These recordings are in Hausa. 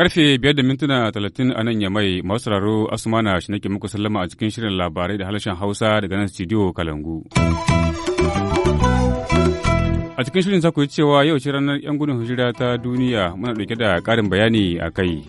Karfe biyar da mintuna talatin a nan yamai masu raro Asmana shi nake muku sallama a cikin shirin labarai da harshen Hausa daga nan studio Kalangu. A cikin shirin za ku yi cewa yau ce ranar 'yan gudun hijira ta duniya muna ɗauke da ƙarin bayani a kai.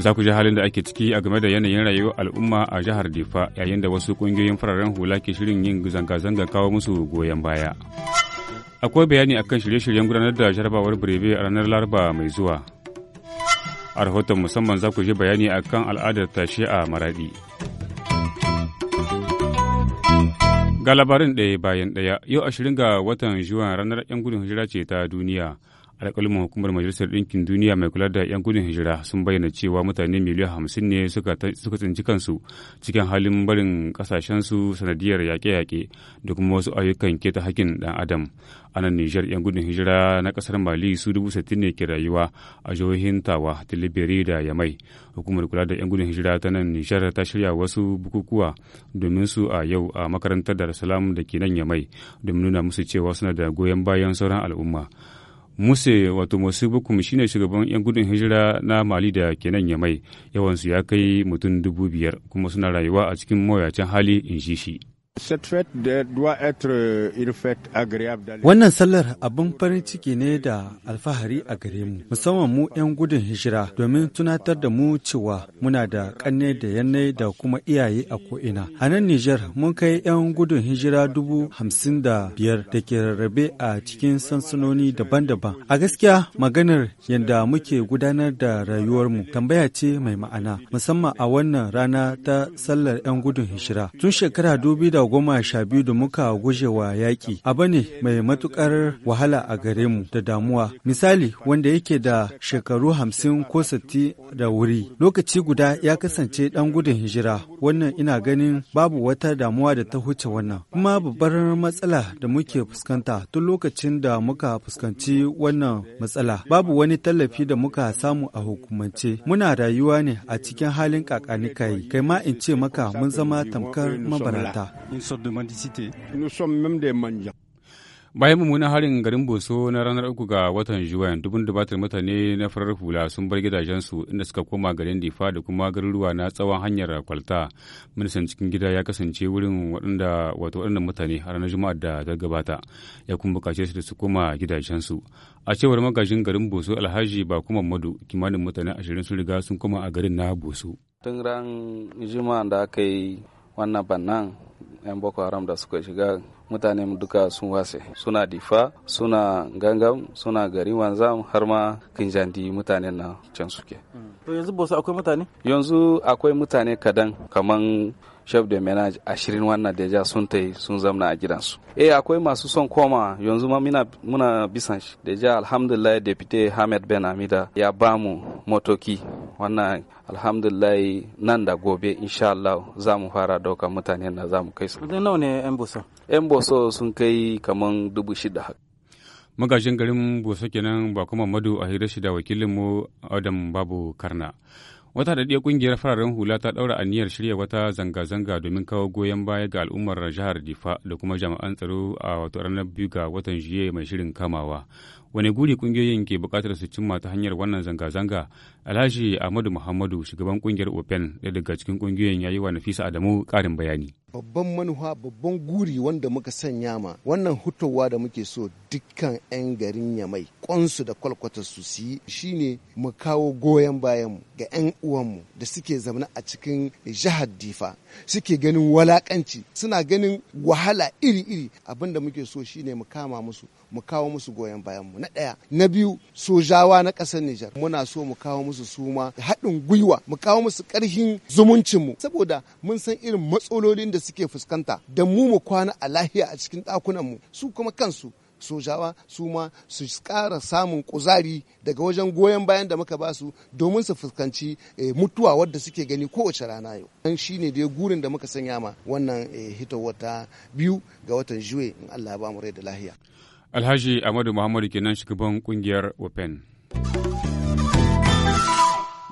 Za ku ji halin da ake ciki a game da yanayin rayuwar al'umma a jihar Difa yayin da wasu ƙungiyoyin fararen hula ke shirin yin zanga-zanga kawo musu goyon baya. Akwai bayani akan shirye-shiryen gudanar da jarabawar Birebe a ranar Laraba mai zuwa. a rahoton musamman za ku ji bayani a kan al'adar tashe a maradi. Ga labarin ɗaya bayan ɗaya, yau ashirin ga watan Juwan ranar 'yan gudun hijira ce ta duniya. alƙalin hukumar majalisar ɗinkin duniya mai kula da 'yan gudun hijira sun bayyana cewa mutane miliyan hamsin ne suka tsinci kansu cikin halin barin ƙasashensu sanadiyar yaƙe-yaƙe da kuma wasu ayyukan keta hakkin ɗan adam a nan nijar 'yan gudun hijira na ƙasar mali su dubu sittin ne ke rayuwa a jihohin tawa tilibiri da yamai hukumar kula da 'yan gudun hijira ta nan nijar ta shirya wasu bukukuwa domin su a yau a makarantar darussalam da ke nan yamai domin nuna musu cewa suna da goyon bayan sauran al'umma Muse wato Musu Bukum shine shugaban 'yan gudun hijira na Mali da kenan Yamai yawansu ya kai mutum dubu biyar kuma suna rayuwa a cikin mawuyacin hali in shi shi. Wannan sallar abin farin ciki ne da alfahari a gare mu, musamman mu 'yan gudun hijira domin tunatar da mu cewa muna da ƙanne da yannai da kuma iyaye a ko'ina. A nan Nijar mun kai 'yan gudun hijira dubu hamsin da biyar da ke rarrabe a cikin sansanoni daban-daban. A gaskiya maganar yadda muke gudanar da rayuwarmu tambaya ce mai ma'ana, musamman a wannan rana ta sallar 'yan gudun hijira. Tun shekara dubi goma sha biyu da muka guje wa yaƙi abu ne mai matuƙar wahala a gare mu da damuwa misali wanda yake da shekaru hamsin ko sittin da wuri lokaci guda ya kasance ɗan gudun hijira wannan ina ganin babu wata damuwa da ta huce wannan kuma babbar matsala da muke fuskanta tun lokacin da muka fuskanci wannan matsala babu wani tallafi da muka samu a hukumance muna rayuwa ne a cikin halin kakanikai kai ma in ce maka mun zama tamkar mabarata une sorte de mendicité. Nous sommes même des mendiants. bayan mummunan harin garin boso na ranar uku ga watan juwan dubun dubatar mutane na farar hula sun bar gidajensu inda suka koma garin difa da kuma garuruwa na tsawon hanyar kwalta ministan cikin gida ya kasance wurin waɗanda wato waɗannan mutane a ranar juma'ar da ta gabata ya kuma bukace su da su koma gidajensu a cewar magajin garin boso alhaji ba kuma madu kimanin mutane ashirin sun riga sun koma a garin na boso tun ran juma'a da aka yi wannan bannan 'yan boko haram da suka shiga mutane duka sun wase suna difa suna gangam suna gari wanzam har ma kinjandi mutanen na can suke mm. yanzu akwai mutane yanzu akwai mutane kadan kaman chef de ménage ashirin wannan deja sun tai sun zamna a gidansu eh akwai masu son koma yanzu ma muna, muna bisan shi deja alhamdulillah deputy hamed ben amida ya bamu motoki wannan alhamdulillah nan da gobe insha Allah za mu fara dauka mutane na za mu kai su nawa ne yan boso yan boso sun kai kaman dubu shida magajin garin boso kenan ba kuma madu a hira shida wakilinmu adam babu karna Wata daɗe ƙungiyar fararen hula ta ɗaura aniyar shirya wata zanga-zanga domin kawo goyon baya ga al'ummar jihar Difa da kuma jami'an tsaro a wata ranar biyu ga watan Juye mai shirin kamawa. wani guri ƙungiyoyin ke buƙatar su cimma ta hanyar wannan zanga-zanga? Alhaji Ahmadu Muhammadu, shugaban ƙungiyar Open, ɗaya daga cikin ƙungiyoyin ya yi wa Nafisa Adamu ƙarin bayani. babban manufa babban guri wanda muka sanya ma wannan hutowa da muke so dukkan 'yan garin yamai kwansu da kwalkwata su yi shine mu kawo goyon bayanmu ga 'yan uwanmu da suke zaune a cikin jihar difa suke ganin walakanci suna ganin wahala iri-iri abin da muke so shine mu kama musu mu kawo musu goyon bayan mu na ɗaya na biyu sojawa na ƙasar Nijar muna so mu kawo musu suma haɗin gwiwa mu kawo musu ƙarfin zumuncin mu saboda mun san irin matsalolin da suke fuskanta da mu mu kwana a lahiya a cikin ɗakunan mu su kuma kansu sojawa su ma su ƙara samun kuzari daga wajen goyon bayan da muka basu domin su fuskanci eh, mutuwa wadda suke gani kowace rana yau an shi ne dai gurin da muka sanya ma wannan eh, hitowar ta biyu ga watan juwe in allah ba mu rai da lahiya Alhaji Ahmadu Muhammadu kenan shugaban kungiyar Open.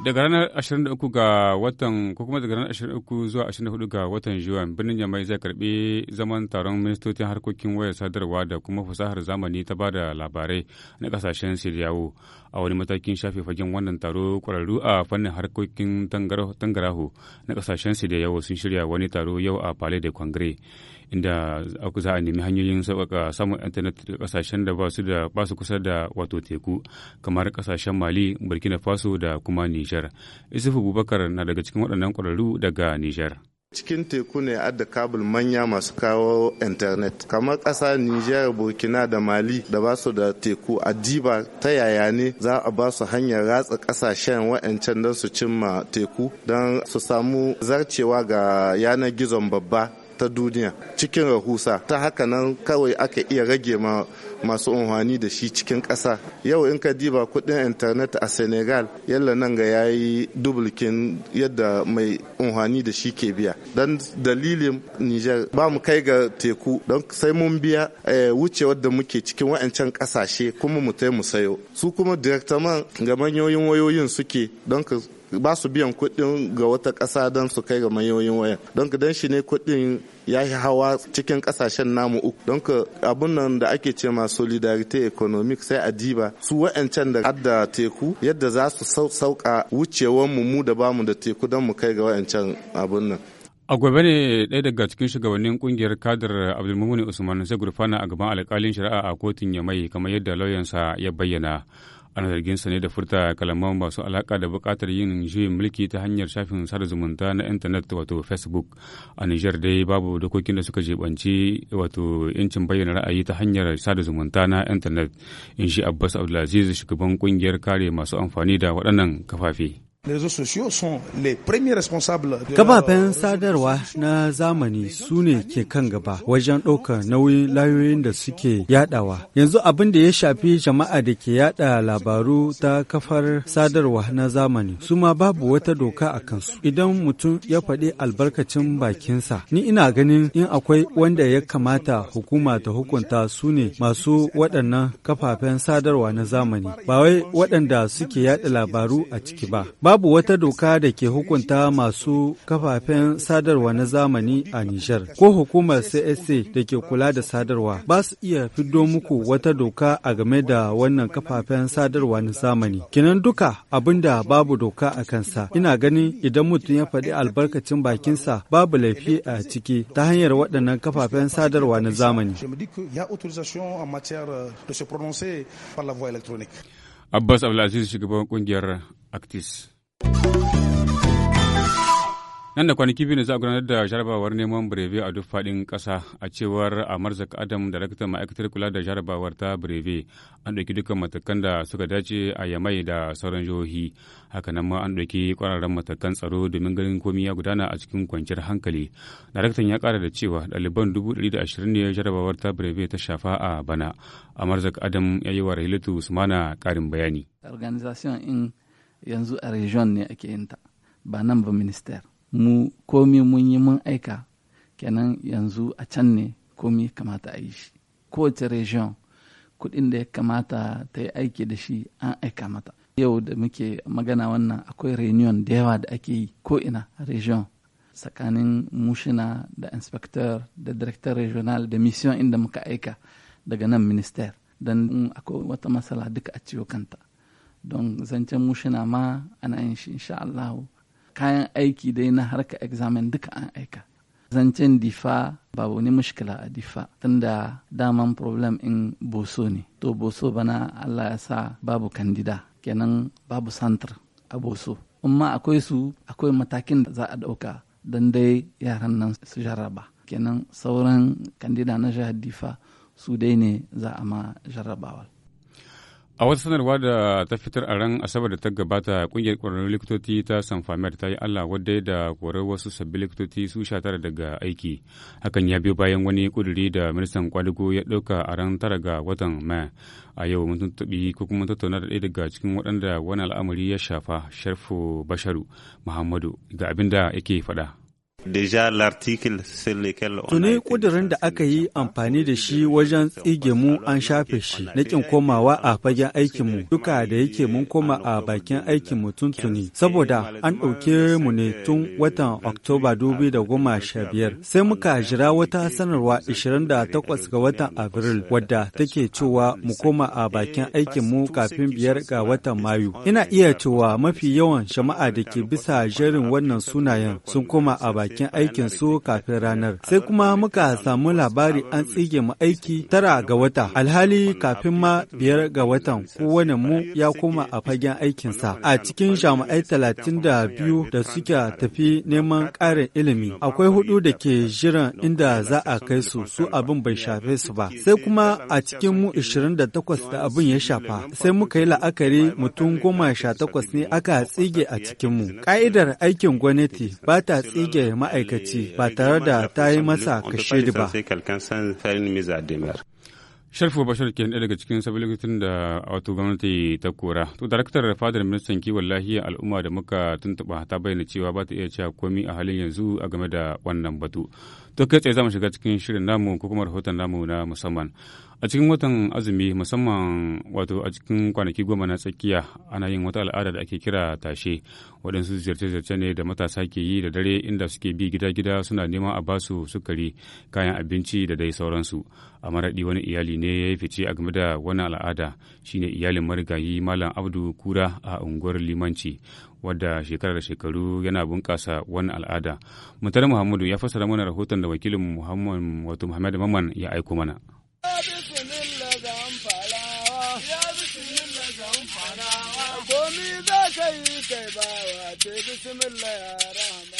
daga ranar 23 ga watan ko kuma daga ranar 23 zuwa 24 ga watan juan birnin yamai zai karbi zaman taron ministocin harkokin wayar sadarwa da kuma fasahar zamani ta bada labarai na kasashen siriyawo a wani matakin shafe fagen wannan taro kwararru a fannin harkokin tangaraho na kasashen siriyawo sun shirya wani taro yau a palais de congrès inda za a nemi hanyoyin sauƙaƙa samun intanet da ƙasashen da ba su da ba kusa da wato teku kamar ƙasashen mali burkina faso da kuma nijar isufu bubakar na daga cikin waɗannan ƙwararru daga nijar cikin teku ne adda kabul manya masu kawo internet kamar ƙasa niger burkina da mali da ba su da teku a diba ta yaya ne za a ba su hanyar ratsa ƙasashen wa'ancan don su cimma teku don su samu zarcewa ga yanar gizon babba ta duniya cikin rahusa ta haka nan kawai aka iya rage ma masu unhwani da shi cikin ƙasa yau in ka diba kuɗin intanet a senegal yalla nan ga ya yi dubulkin yadda mai unhwani da shi ke biya don dalilin niger ba mu kai ga teku don sai mun biya eh, wucewa da muke cikin wa'ancan ƙasashe kuma mu mu sayo su kuma direktaman ga manyoyin wayoyin suke don ka ba su biyan kuɗin ga wata ƙasa don su kai ga mayoyin waya don don shi ne kuɗin ya yi hawa cikin kasashen namu uku don ka abun nan da ake ce ma solidarity economic sai a diba su wa'ancan da adda teku yadda za su sauka wucewar mu da bamu da teku don mu kai ga wa'ancan abun nan a gobe ne ɗaya daga cikin shugabannin kungiyar kadar abdulmumuni usman sai gurfana a gaban alkalin shari'a a kotun yamai kamar yadda lauyansa ya bayyana ana zargin sa ne da furta kalaman masu alaka da buƙatar yin juyin mulki ta hanyar shafin sada zumunta na intanet wato facebook a nijar dai babu dokokin da suka jebanci wato yancin bayyana ra'ayi ta hanyar sada zumunta na intanet in shi abbas abdulaziz shugaban kungiyar kare masu amfani da waɗannan kafafe Kafafen sadarwa na zamani su ne ke kan gaba wajen ɗaukar nauyin layoyin da suke yadawa. Yanzu abin da ya shafi jama'a da ke yada labaru ta kafar sadarwa na zamani su ma babu wata doka a kansu. Idan mutum ya faɗi albarkacin bakinsa, ni ina ganin in akwai wanda ya kamata hukuma ta hukunta su ne masu waɗannan kafafen sadarwa na zamani, ba wai waɗanda suke yada labaru a ciki ba. Babu wata doka da ke hukunta masu kafafen sadarwa na zamani a Nijar, ko hukumar CSA da ke kula da sadarwa ba su iya fiddo muku wata doka a game da wannan kafafen sadarwa na zamani. Kinan duka abinda babu doka a kansa. Ina ganin idan mutum ya faɗi albarkacin bakinsa babu laifi a ciki ta hanyar waɗannan kafafen sadarwa na zamani. Abbas Abdulaziz shugaban kungiyar Actis. nan da kwanaki biyu ne za a gudanar da jarabawar neman breve a duk faɗin ƙasa a cewar amarzak adam daraktan ma'aikatar kula da jarabawar ta breve an ɗauki dukkan matakan da suka dace a yamai da sauran jihohi hakanan ma an ɗauki ƙwararren matakan tsaro domin ganin komi ya gudana a cikin kwanciyar hankali daraktan ya ƙara da cewa ɗaliban dubu ɗari da ashirin ne jarabawar ta breve ta shafa a bana amarzak adam ya yi wa rahilatu usmana ƙarin bayani yanzu a region ne ake yin ta ba nan ba minister mu komi mun yi mun aika kenan yanzu a can ne komi kamata a yi shi kowace region kuɗin da ya kamata ta yi aiki da shi an aika mata yau da muke magana wannan akwai reunion da yawa da ake yi ko ina region tsakanin mushina da inspector da director regional da mission inda muka aika daga nan minister don akwai wata matsala duka a ciwo kanta don zancen mushina ma ana yin shi insha Allah kayan aiki dai na harka examen duka an aika zancen difa ba wani mushkila a difa tunda daman problem in boso ne to boso bana Allah ya sa babu kandida kenan babu santar a boso amma akwai su akwai matakin da za a ɗauka don dai yaran nan su jarraba kenan sauran kandida na jihar difa su dai ne za a ma jarrabawa A wata sanarwa da ta fitar a ran Asabar da ta gabata kungiyar kwararrun likitoci ta Sanfamer ta yi Allah wadda da korar wasu sabbi likitoci su sha tara daga aiki. Hakan ya biyo bayan wani kuduri da ministan kwadugo ya ɗauka a ran tara ga watan Mai. A yau mun tuntuɓi ko kuma tattauna da ɗaya daga cikin waɗanda wani al'amari ya shafa Sharfu Basharu Muhammadu ga abin da yake faɗa. Tuni ƙudurin da aka yi amfani da shi wajen tsige mu an shafe shi na ƙin komawa a fagen aikinmu duka da yake mun koma a bakin aikinmu tun tuni. Saboda an ɗauke mu ne tun watan Oktoba biyar sai muka jira wata sanarwa 28 ga watan Abril wadda take cewa mu koma a bakin aikin mu kafin biyar ga watan Mayu. Ina iya cewa mafi yawan jama'a da ke bisa jerin wannan sunayen sun koma a bakin bakin aikin su kafin ranar. Sai kuma muka samu labari an tsige mu aiki tara ga wata. Alhali kafin ma biyar ga watan kowane mu ya koma a fagen aikinsa. A cikin jami'ai talatin da biyu da suka tafi neman ƙarin ilimi. Akwai hudu da ke jiran inda za a kai su su abin bai shafe su ba. Sai kuma a cikin mu 28 da abin ya shafa. Sai muka yi la'akari mutum goma sha takwas ne aka tsige a cikinmu. Ka'idar aikin gwamnati ba ta tsige ma'aikaci ba tare da ta yi masa kashedi ba. Sharfu Bashir ke ɗaya daga cikin sabbin da wato gwamnati ta kora. To, daraktar fadar ministan kiwon lahiya al'umma da muka tuntuɓa ta bayyana cewa ba ta iya cewa komi a halin yanzu a game da wannan batu. To, kai tsaye za mu shiga cikin shirin namu ko kuma rahoton namu na musamman. a cikin watan azumi musamman wato a cikin kwanaki goma na tsakiya ana yin wata al'ada da ake kira tashe waɗansu ziyarce-ziyarce ne da matasa ke yi da dare inda suke bi gida-gida suna neman a basu sukari kayan abinci da dai sauransu a maraɗi wani iyali ne ya yi fice a game da wannan al'ada shine iyalin marigayi malam abdu kura a unguwar limanci wadda shekara da shekaru yana bunƙasa wannan al'ada mutane muhammadu ya fassara mana rahoton da wakilin muhammadu wato muhammadu maman ya aiko mana Komi za yi kai bismillah ya rahama.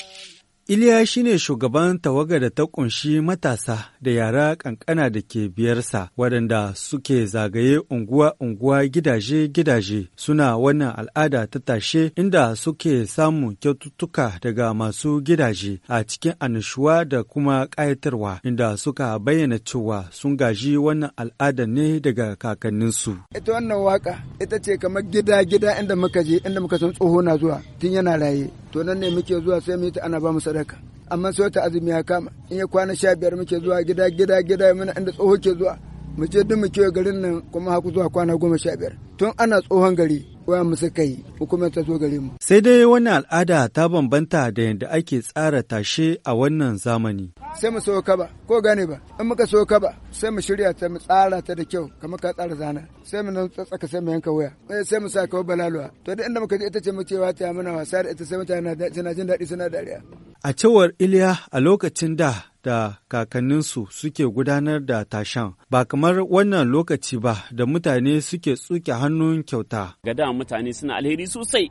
Iliya shi ne shugaban tawaga da ta ƙunshi matasa da yara ƙanƙana da ke biyarsa waɗanda suke zagaye unguwa-unguwa gidaje-gidaje suna wannan al'ada ta tashe inda suke samun kyaututtuka daga masu gidaje a cikin anishuwa da kuma ƙayatarwa inda suka bayyana cewa sun gaji wannan al'ada ne daga kakanninsu. Ita wannan waka ita ce kamar gida-gida inda muka je inda muka san tsoho na zuwa tun yana raye. to nan ne muke zuwa sai mu ta ana ba mu sadaka amma sai ta azumi ya kama in ya kwana sha biyar muke zuwa gida gida gida muna inda tsoho ke zuwa mu je duk mu kewa garin nan kuma haku zuwa kwana goma sha biyar tun ana tsohon gari waya mu suka yi hukumar ta zo gare mu. sai dai wannan al'ada ta bambanta da yadda ake tsara tashe a wannan zamani. sai mu sauka ba ko gane ba in muka sauka ba sai mu shirya ta mu tsara ta da kyau kamar ka tsara zana sai mu nan tsaka sai mu yanka waya eh, sai mu sa kawo balaluwa to duk inda muka je ita ce ta yi mana wasa da ita sai mutane na jin daɗi suna dariya. a cewar iliya a lokacin da da kakanninsu suke gudanar da tashan ba kamar wannan lokaci ba da mutane suke tsuke hannun kyauta. Ga da mutane suna alheri sosai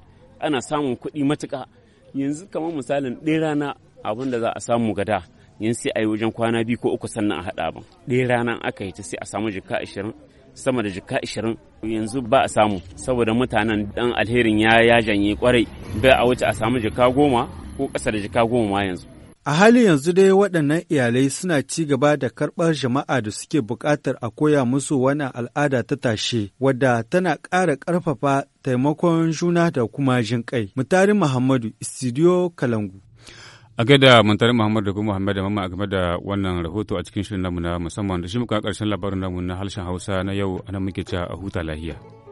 ana samun kuɗi matuka yanzu kamar misalin ɗaya rana abin da za a samu gada yanzu sai a yi wajen kwana biyu ko uku sannan a haɗa abin ɗaya rana aka yi ta sai a samu jikka ashirin sama da jikka ashirin yanzu ba a samu saboda mutanen dan alherin ya ya janye kwarai bai a wuce a samu jikka goma ko ƙasa da jikka goma ma yanzu A halin yanzu dai waɗannan iyalai suna ci gaba da karɓar jama'a da suke buƙatar a koya musu wani al'ada ta tashe, wadda tana ƙara ƙarfafa taimakon juna da kuma jin kai. Mutari Muhammadu, Studio Kalangu. a gaida Mutari Muhammadu da kuma Muhammadu da a game da wannan rahoto a cikin shirin namu na musamman da shi muka karshen labarin namu na harshen hausa na yau ana muke ca a huta lahiya